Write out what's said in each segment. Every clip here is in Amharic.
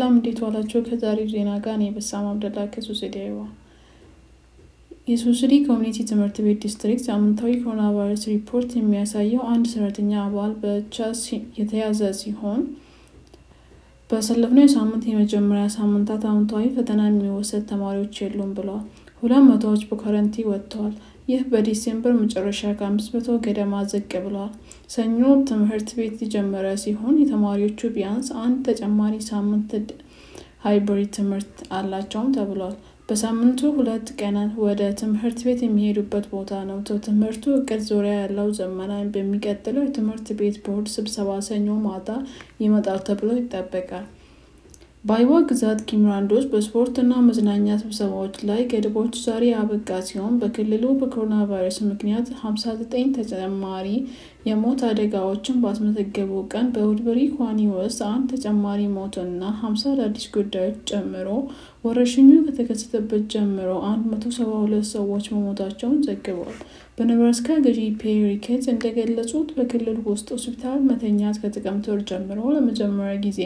ሰላም እንዴት ዋላቸው። ከዛሬ ዜና ጋር እኔ በሳም አብደላ ከሱሲዲ አይዋ። የሱሲዲ ኮሚኒቲ ትምህርት ቤት ዲስትሪክት አመንታዊ ኮሮና ቫይረስ ሪፖርት የሚያሳየው አንድ ሰራተኛ አባል በቻ የተያዘ ሲሆን በሰለፍነው የሳምንት የመጀመሪያ ሳምንታት አመንታዊ ፈተና የሚወሰድ ተማሪዎች የሉም ብለዋል። ሁለት መቶዎች በኳረንቲ ወጥተዋል። ይህ በዲሴምበር መጨረሻ ከ መቶ ገደማ ዝቅ ብሏል። ሰኞ ትምህርት ቤት የጀመረ ሲሆን የተማሪዎቹ ቢያንስ አንድ ተጨማሪ ሳምንት ሃይብሪድ ትምህርት አላቸውም ተብሏል። በሳምንቱ ሁለት ቀናት ወደ ትምህርት ቤት የሚሄዱበት ቦታ ነው። ትምህርቱ እቅድ ዙሪያ ያለው ዘመና በሚቀጥለው የትምህርት ቤት ቦርድ ስብሰባ ሰኞ ማታ ይመጣል ተብሎ ይጠበቃል። በአይዋ ግዛት ኪምራንዶች በስፖርትና መዝናኛ ስብሰባዎች ላይ ገደቦች ዛሬ ያበቃ ሲሆን በክልሉ በኮሮና ቫይረስ ምክንያት 59 ተጨማሪ የሞት አደጋዎችን ባስመዘገቡ ቀን በውድበሪ ኳኒ ውስጥ አንድ ተጨማሪ ሞትና 50 አዳዲስ ጉዳዮች ጨምሮ ወረርሽኙ ከተከሰተበት ጀምሮ 172 ሰዎች መሞታቸውን ዘግቧል። በነብራስካ ገዢ ፔሪ ኪንስ እንደገለጹት በክልል ውስጥ ሆስፒታል መተኛት ከጥቅምት ወር ጀምሮ ለመጀመሪያ ጊዜ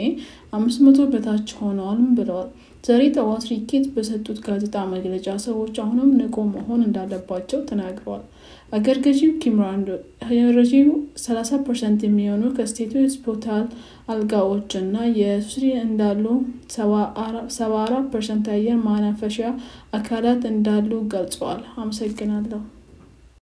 አምስት መቶ በታች ሆነዋልም ብለዋል። ዛሬ ጠዋት ሪኬት በሰጡት ጋዜጣ መግለጫ ሰዎች አሁንም ንቁ መሆን እንዳለባቸው ተናግረዋል። አገር ገዢው ኪምራንዶ ረዢው 30 ፐርሰንት የሚሆኑ ከስቴቱ ሆስፒታል አልጋዎች እና የሱሪ እንዳሉ 74 ፐርሰንት አየር ማናፈሻ አካላት እንዳሉ ገልጸዋል። አመሰግናለሁ።